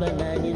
بناني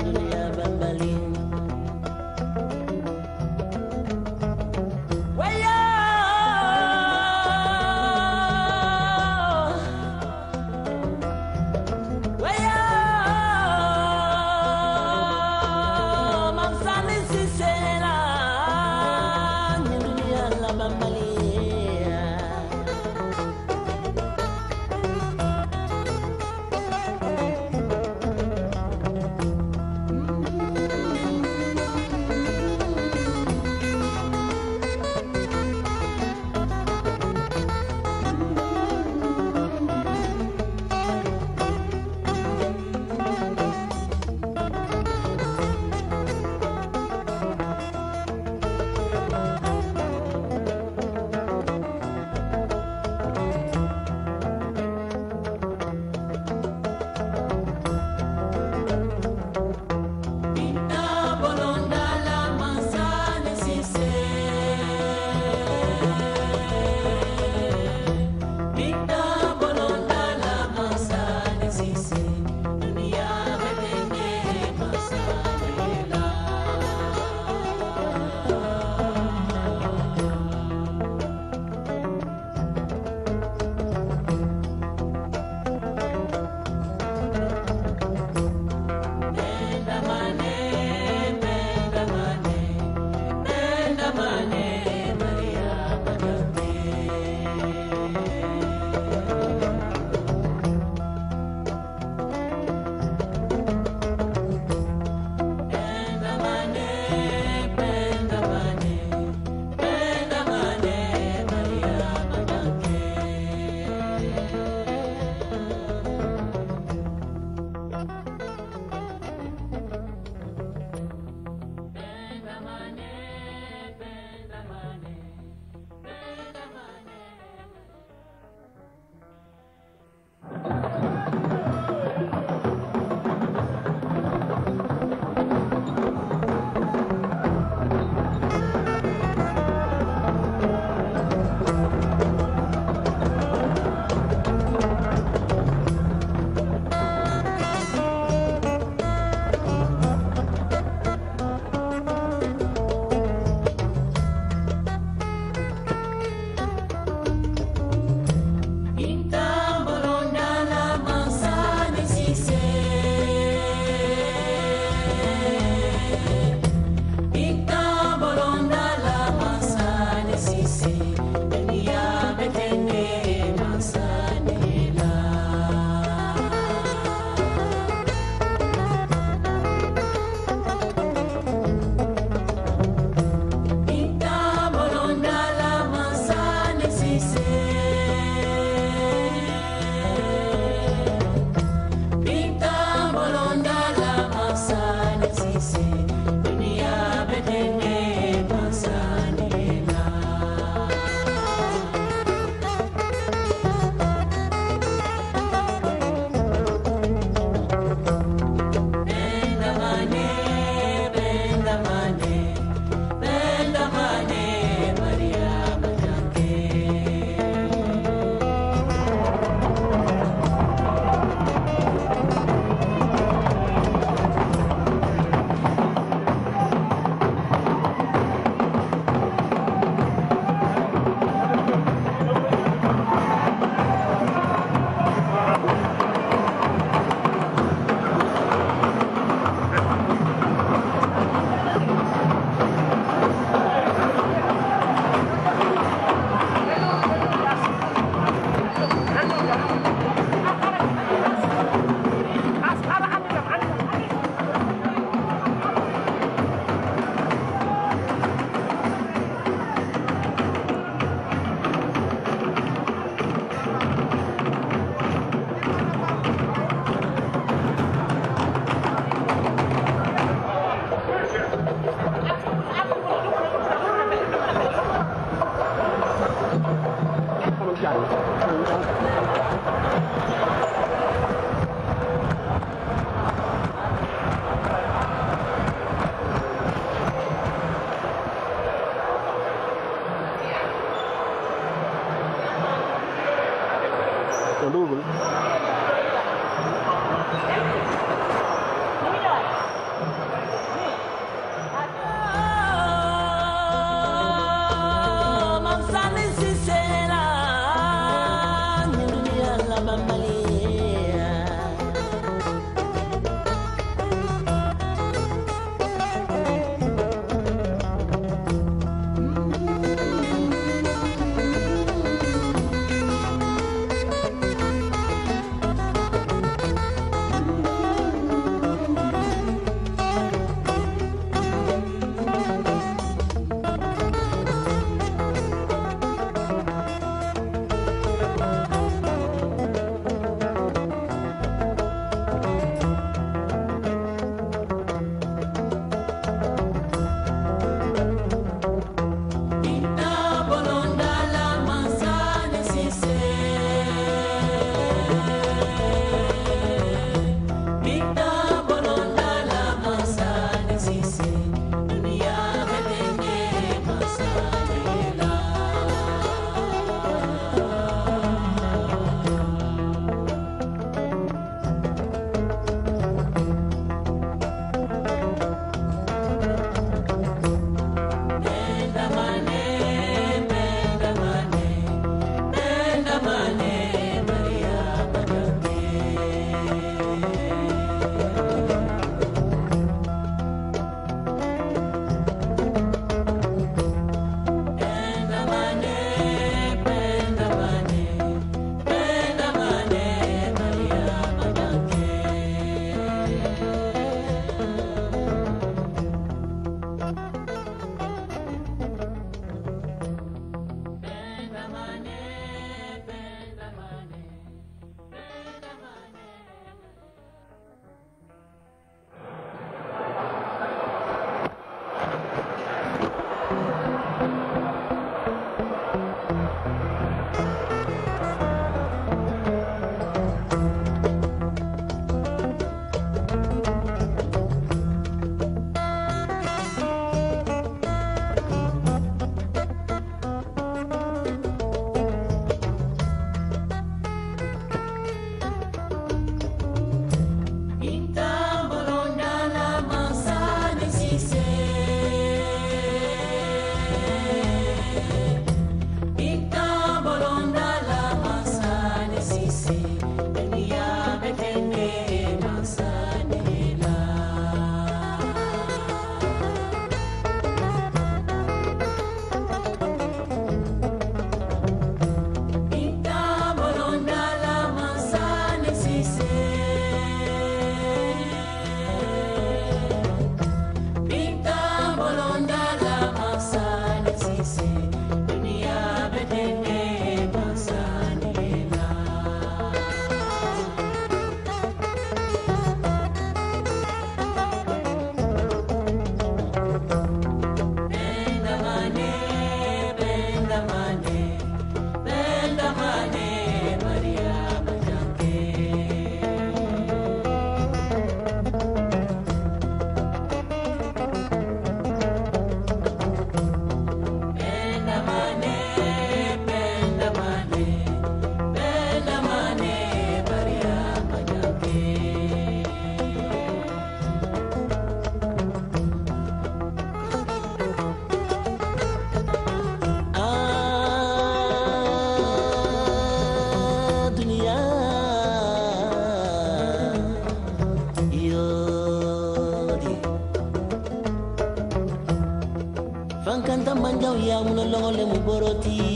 roti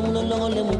Ọlọ́run ló lọ́wọ́ lẹ́mú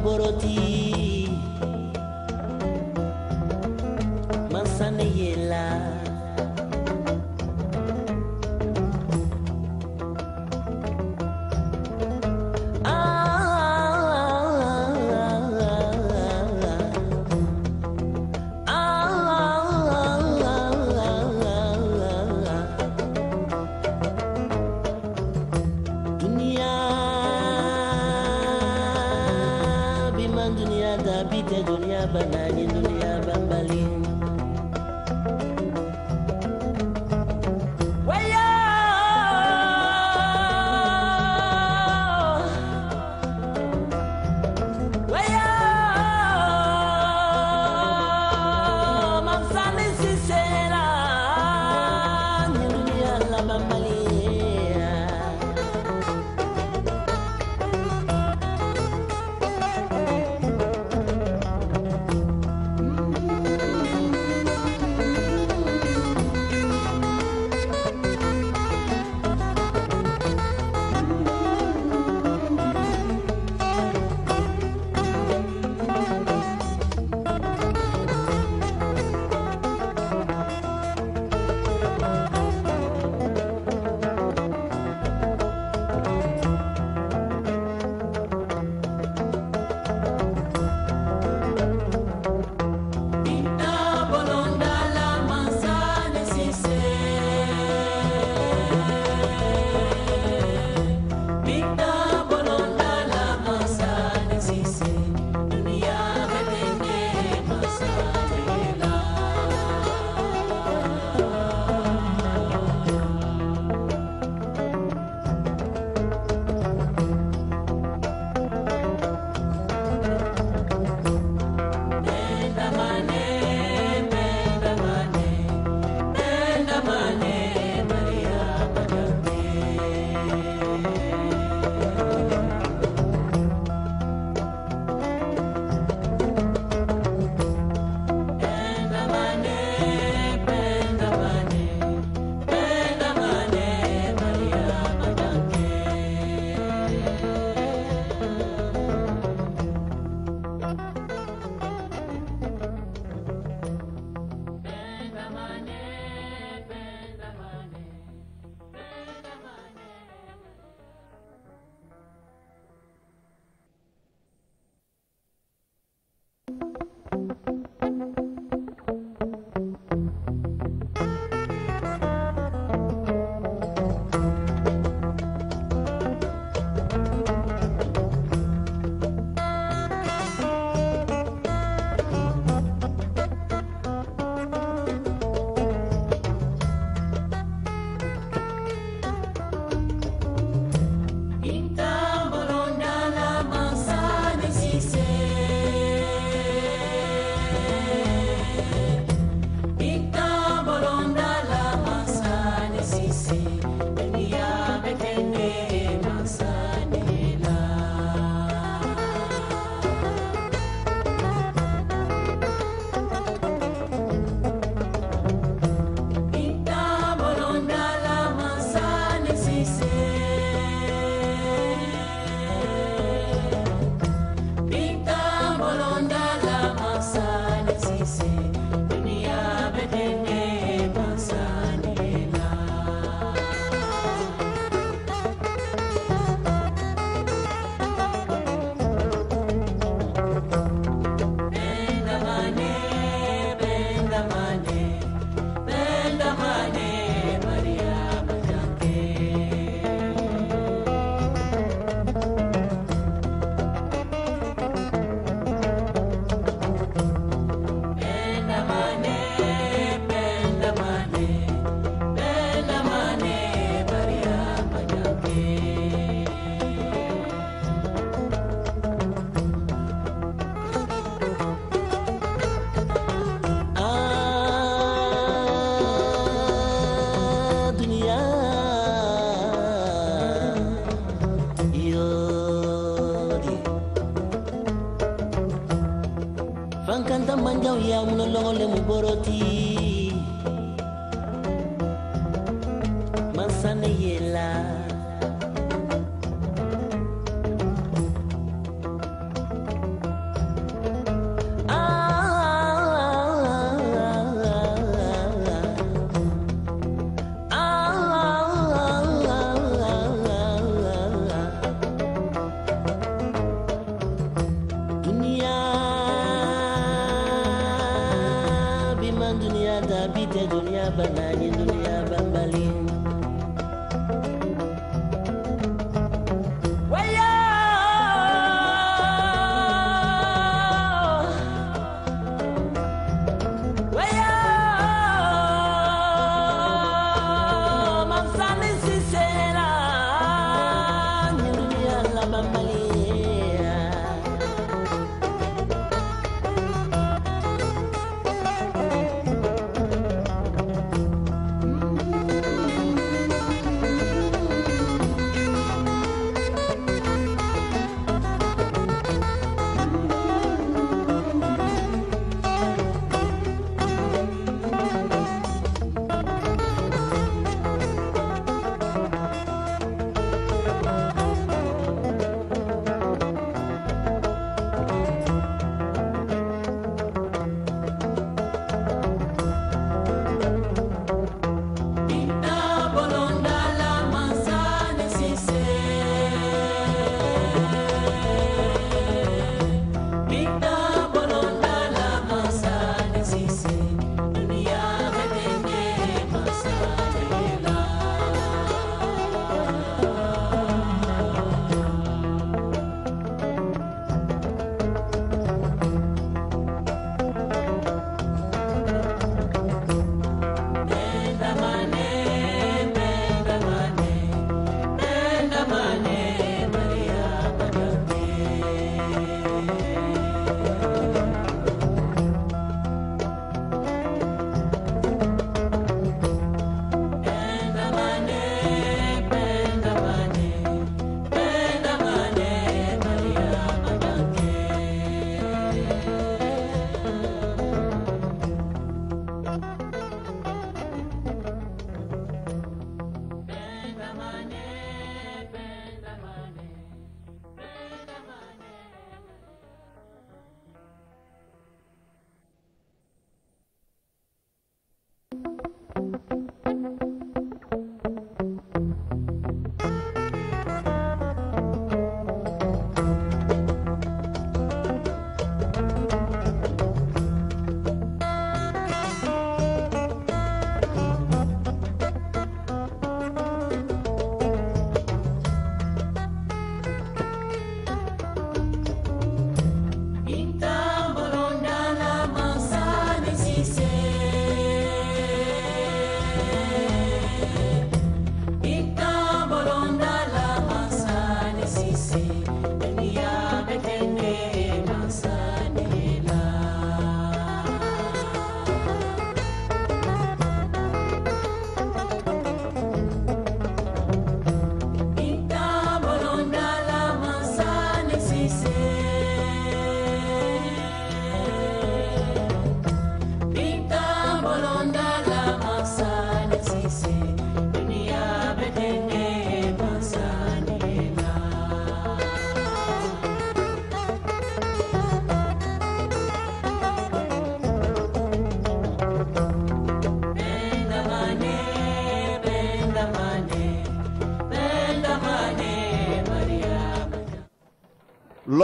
ndaw yaa mun a longole mu boroti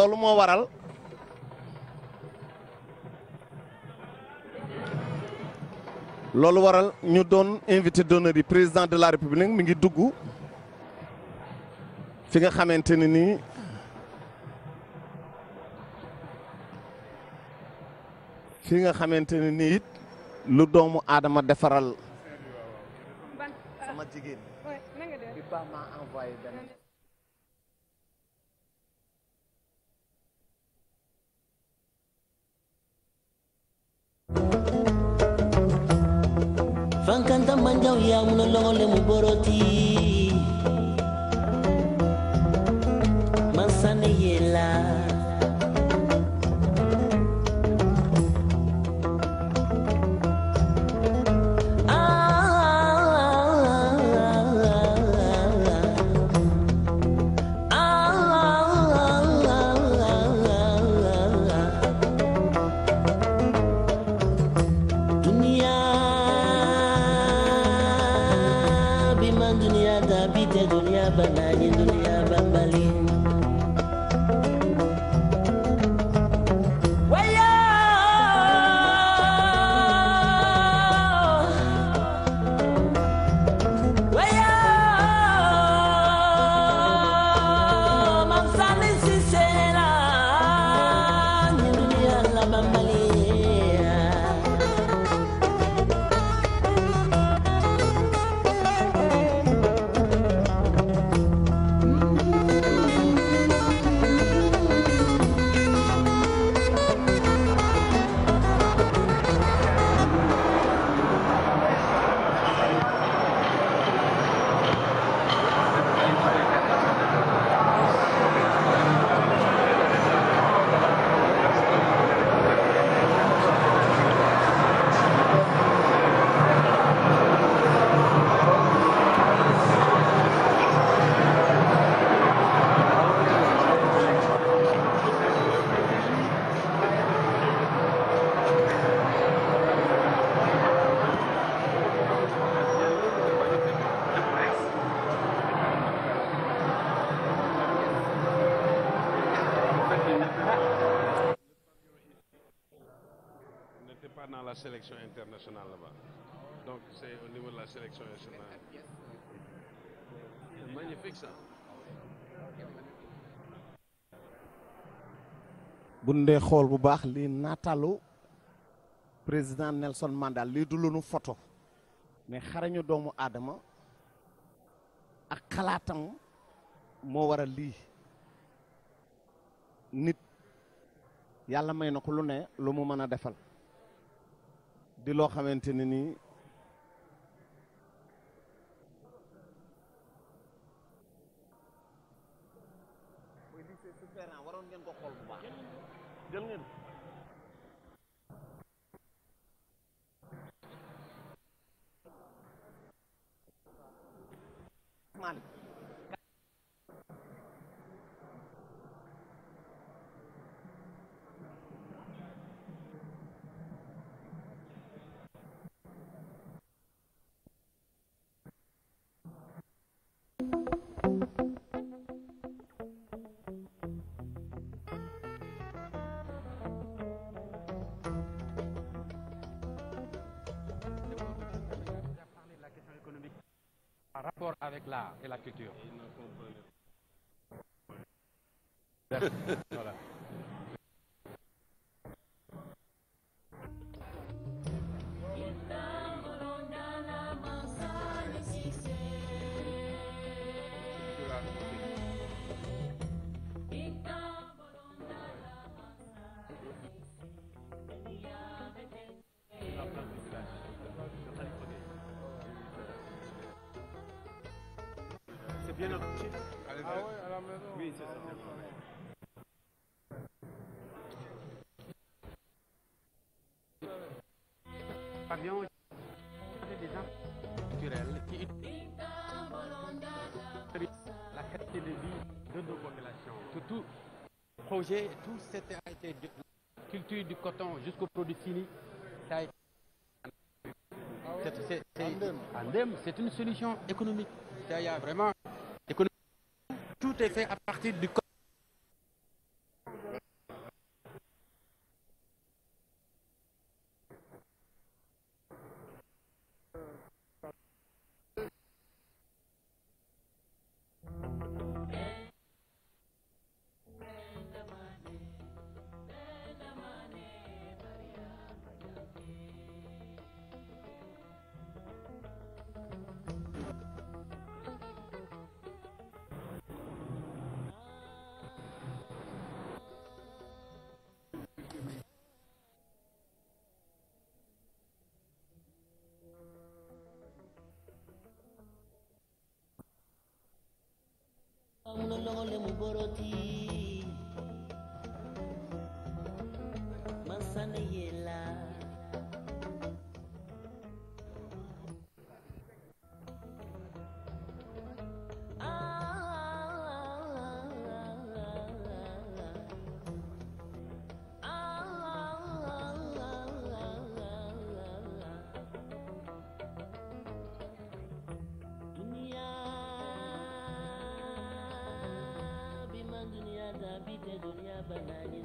loolu moo waral loolu waral ñu doon invité d'honneur yi président de la république mi ngi dugg fi nga xamante ne nii fi nga xamante ne nii it lu doomu aadama defaral euh, sama jigéen benn fankanta manjaw yamuno logole mu boroti masane yela duniya banani duniya bambali électronationale. dee xool bu baax lii naatalu président Nelson Mandela lii du lu nu photo mais xarañu doomu aadama ak xalaatam moo war a lii nit yàlla may na ko lu ne lu mu mën a defal di loo xamante ne nii Malick avec l'art et la culture. Merci. vision des infrastructures culturelles qui la qualité de vie de nos populations. Tout projet, tout cette de la culture du coton jusqu'au produit fini, ça a été c'est une solution économique. Il y a vraiment tout est fait à partir du coton. le mu boroti Banani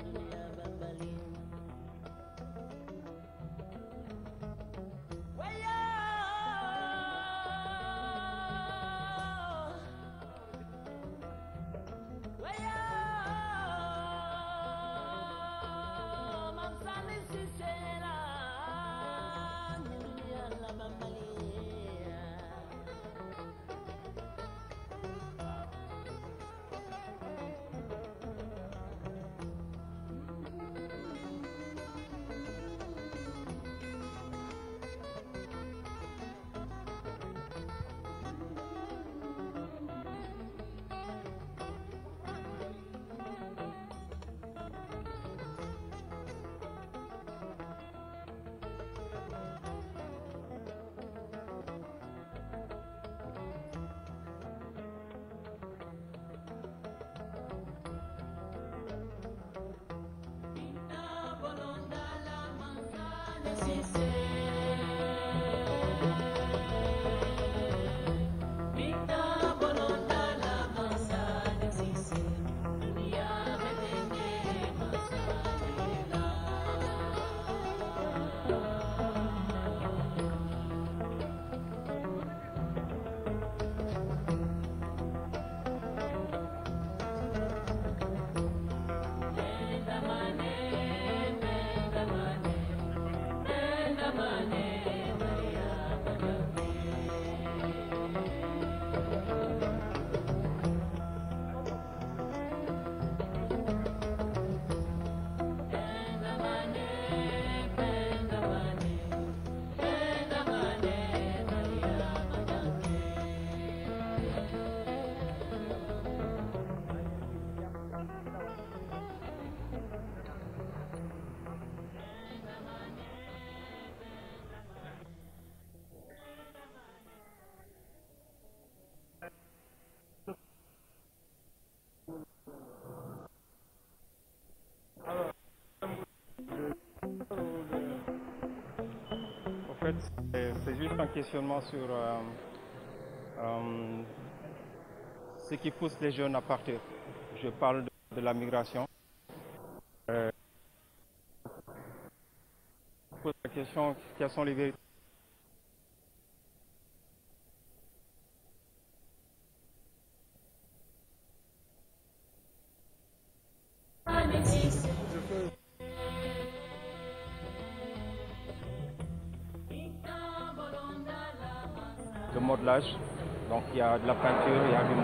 C'est juste un questionnement sur euh, euh, ce qui pousse les jeunes à partir. Je parle de, de la migration. Euh, je pose la question quelles sont les vérités de la peinture, il y a du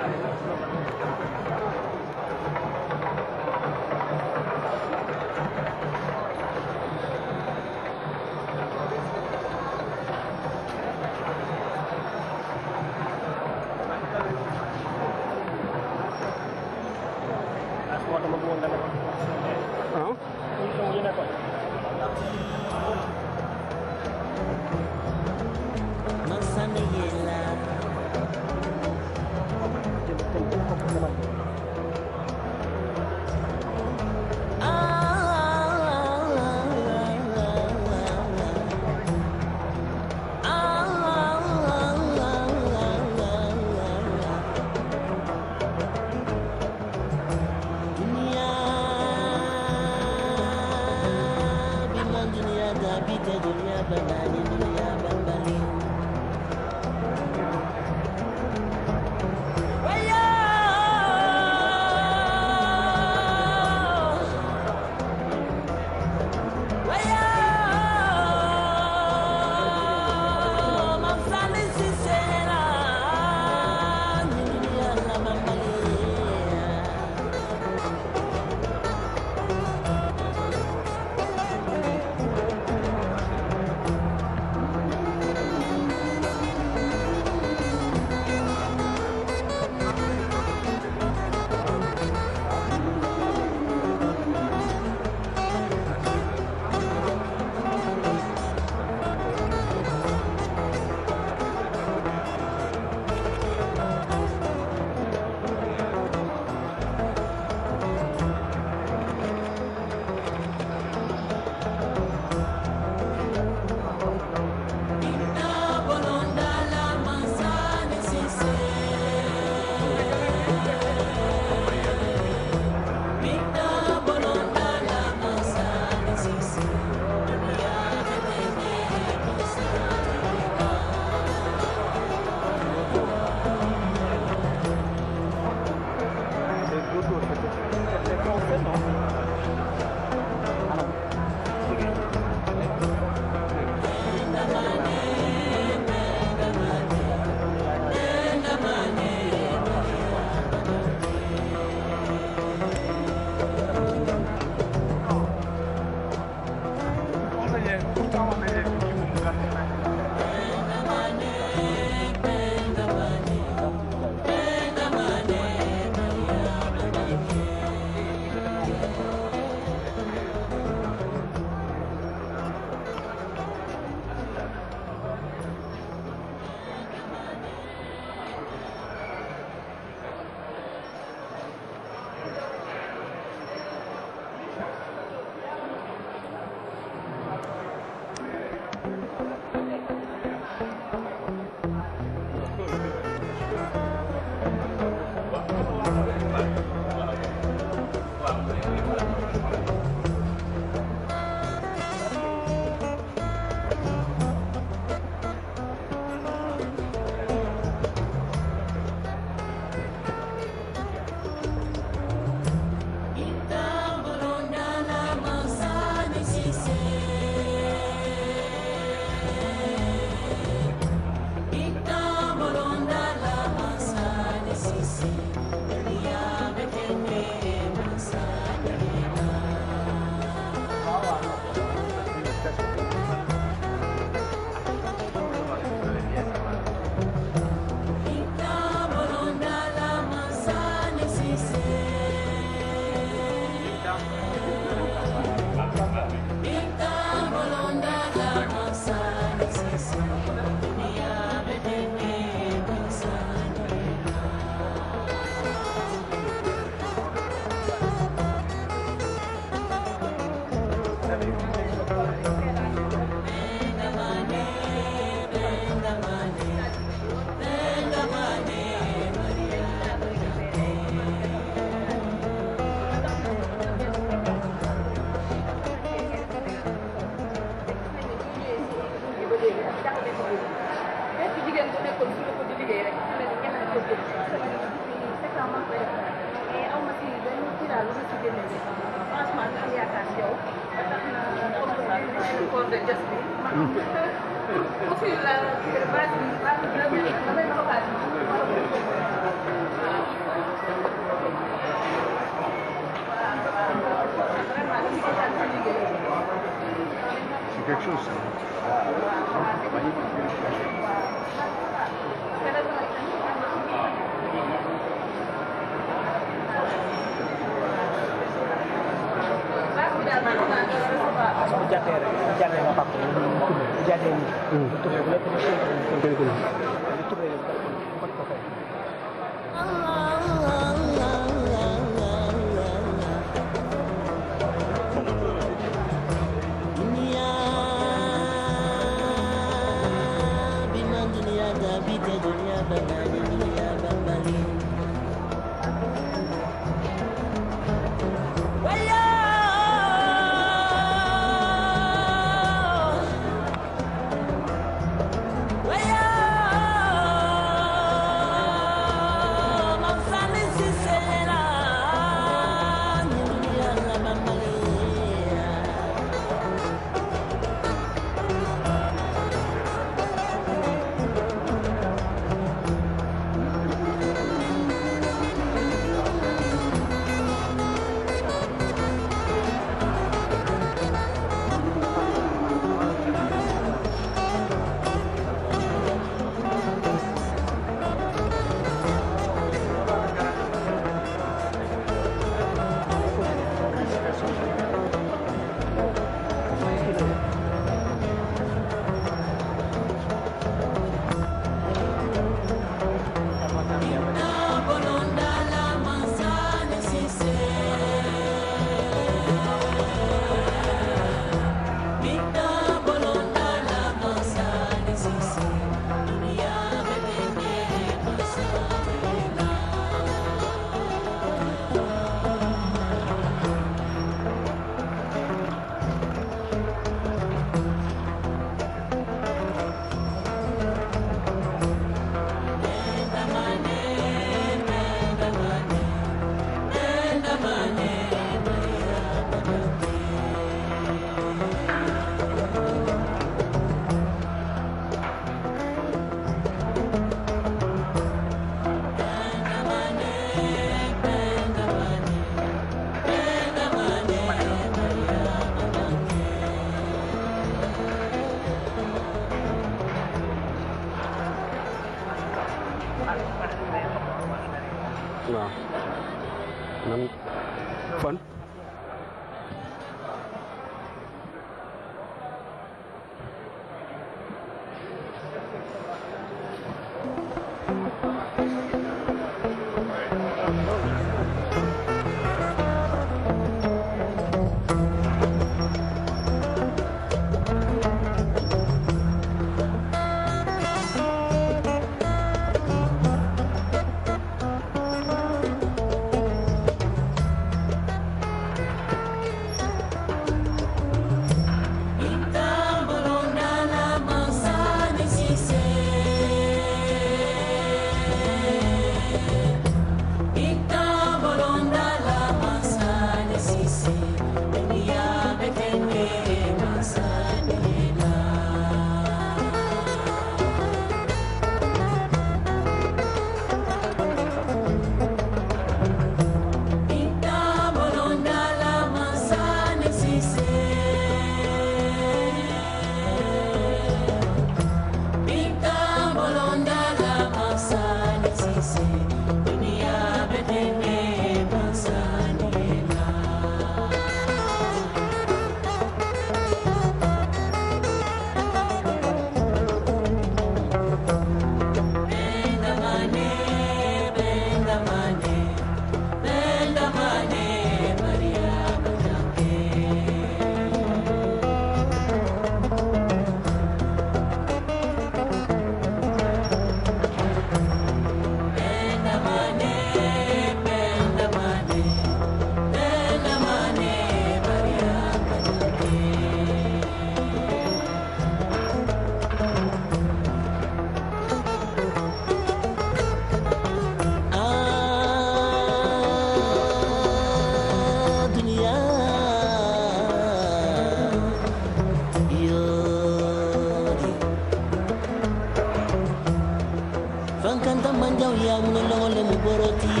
yang nolong oleh muboroti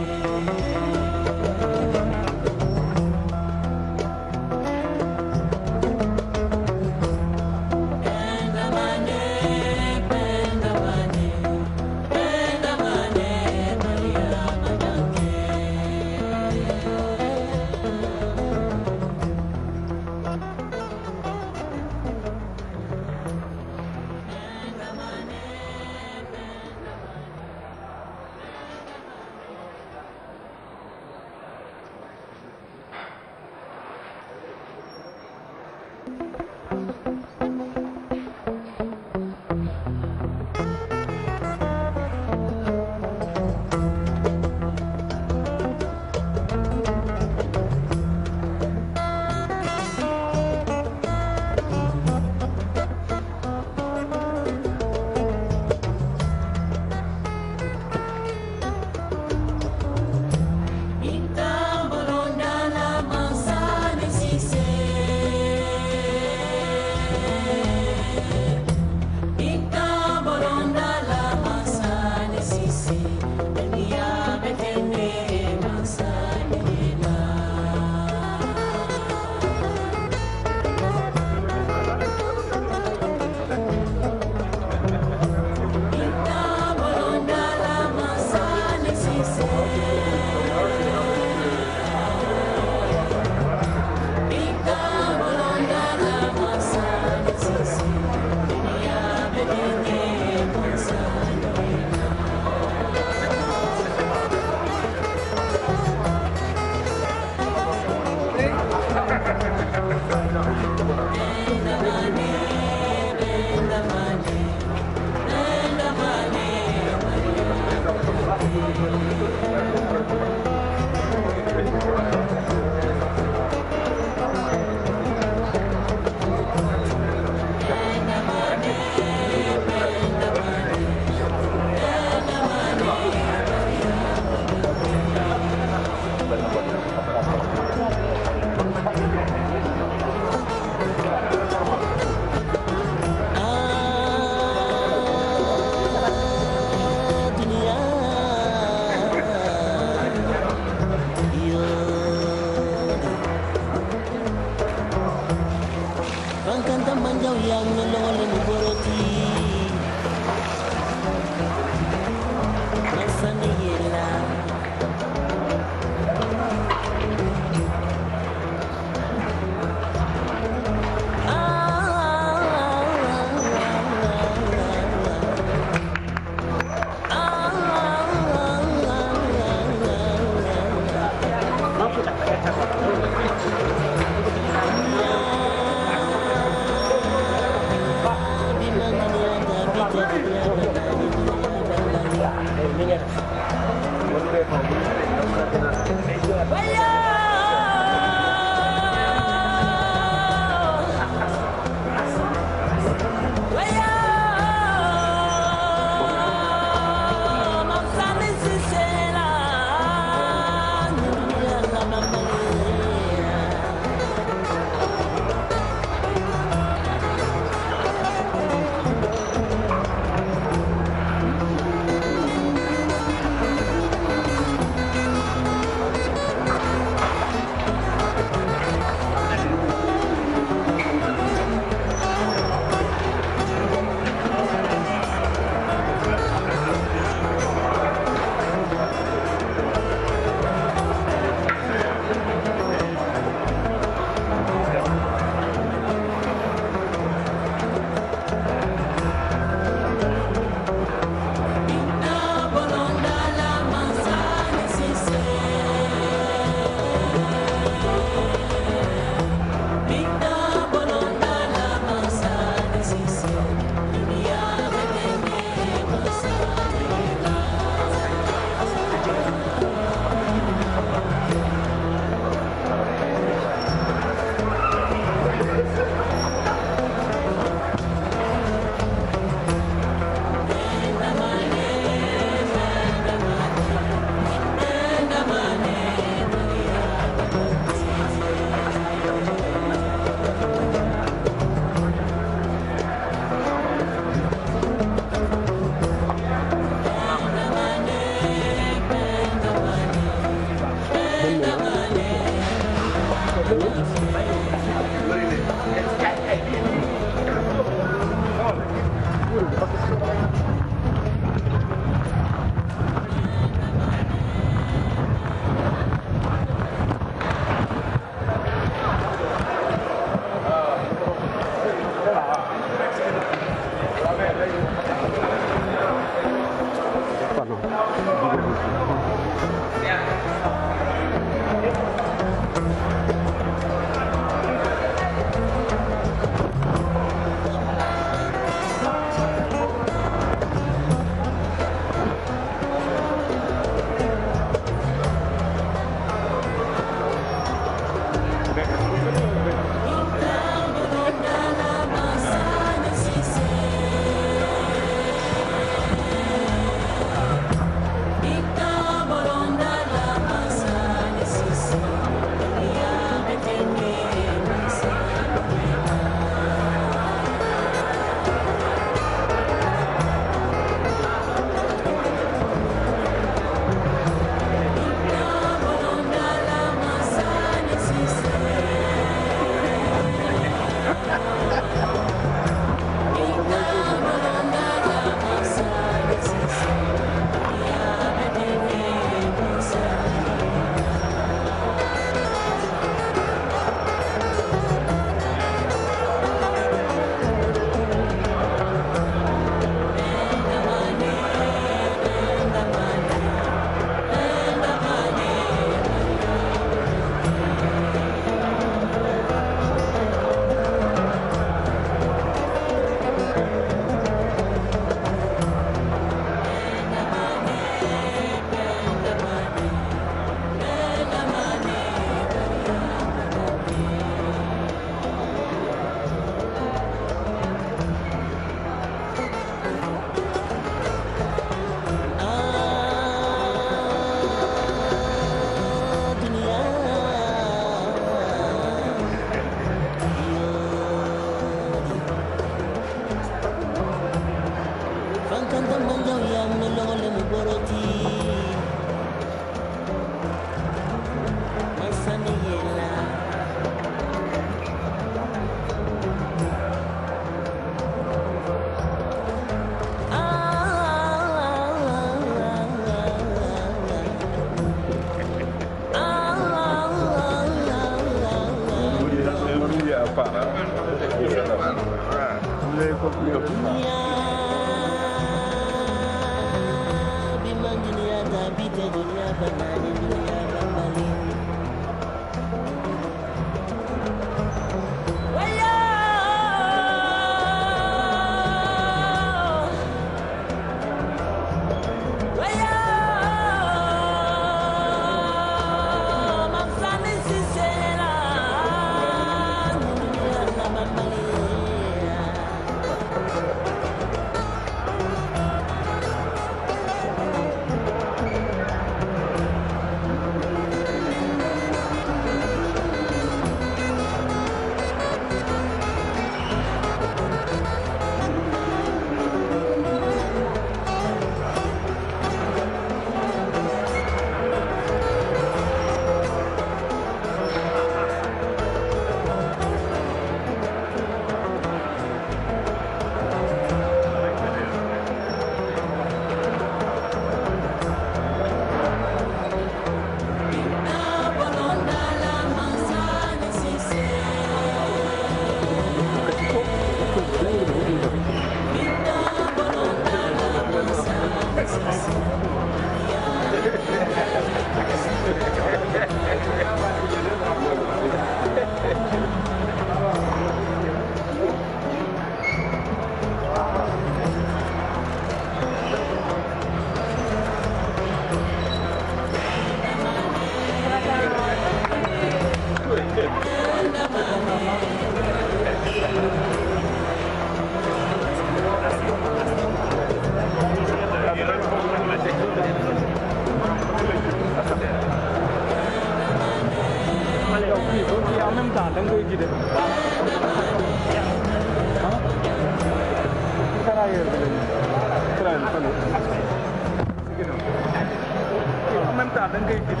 ngay gis.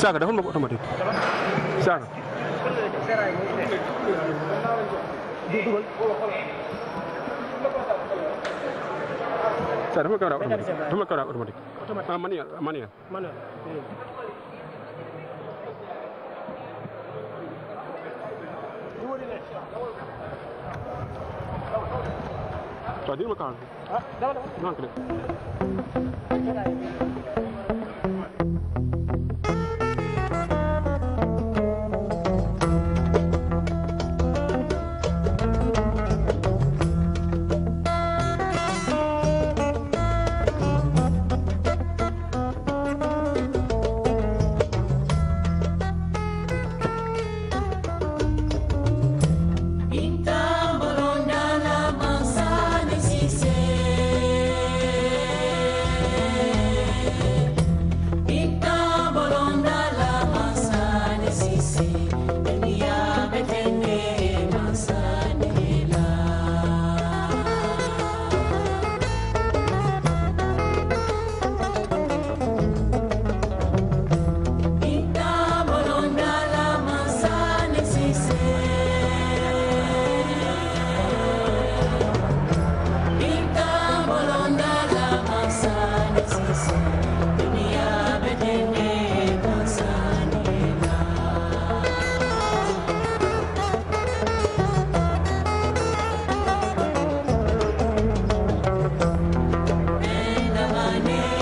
saaga dafa ma ko automatique saaga. saaga dafa ma ko war a automatique dafa ma ko war a automatique ah manuel ah, manuel. Tá, diga uma casa. Ah, dá, dá. Não, querido. Amen.